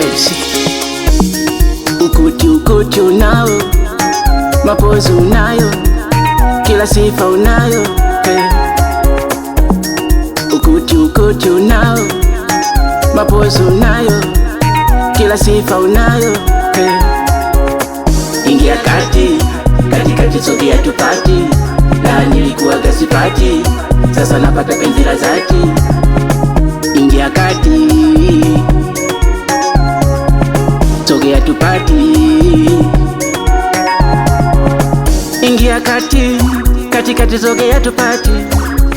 zote, ukuti ukuti unao, mapozi unayo, kila sifa unayo eh. Ukuti ukuti unao, mapozi unayo, kila sifa unayo eh. Ingia kati katikati, sogea tupati, na nilikuwa gasipati, sasa napata penzi la dhati. Ingia kati kati kati kati sogea tupati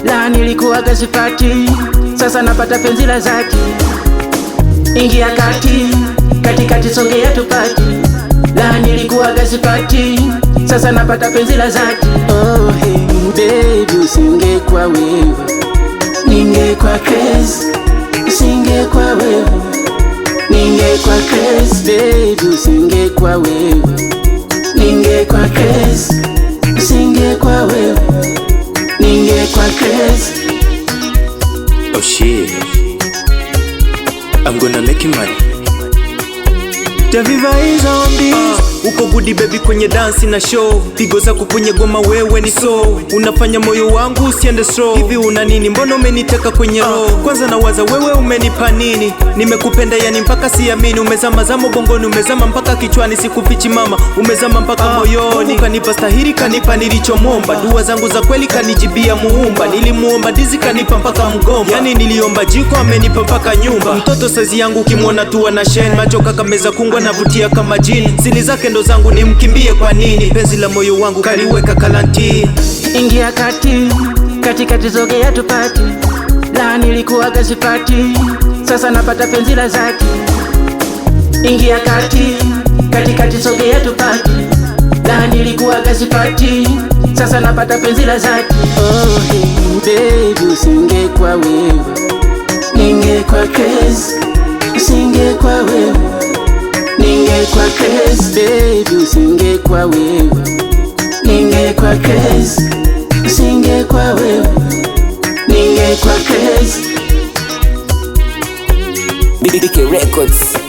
la nilikuwa kasifati, sasa napata penzi la zati. Ingia kati kati kati sogea tupati la nilikuwa kasifati, sasa napata penzi la zati. Oh, hey, baby usinge kwa wewe ninge kwa kes usinge kwa wewe ninge kwa kes baby usinge kwa wewe ninge kwa kes kwa wewe, ninge kwa crazy. Oh shit, I'm gonna make you money. Taviva hizo mbizi ah. Uko gudi baby kwenye dansi na show, pigo za kupunye goma, wewe ni so, unafanya moyo wangu usiende slow. Hivi una nini? Mbona umeniteka kwenye roho? Ah. kwanza nawaza wewe umenipa nini? Nimekupenda yani mpaka siamini, umezama zamo bongoni, umezama mpaka kichwani, sikufichi mama, umezama mpaka uh, moyoni. Kanipa stahiri, kanipa nilichomwomba ah. dua zangu za kweli kanijibia muumba, nilimuomba dizi kanipa mpaka mgomba, yani niliomba jiko amenipa mpaka nyumba. Mtoto sazi yangu kimwona tuwa na shen, macho kaka meza kungwa, navutia kama jini, sili zake pendo zangu nimkimbie kwa nini? Penzi la moyo wangu kaliweka kalanti. Ingia kati katikati, sogea tupati la nilikuwa gazipati, sasa napata penzi la zati. Ingia kati katikati, sogea tupati la nilikuwa gazipati, sasa napata penzi la zaki Oh, hey, baby usingekuwa wewe ningekuwa crazy, usingekuwa wewe kwa wewe, ninge ningekuwa crazy, kwa wewe, ninge ningekuwa crazy. BBK Records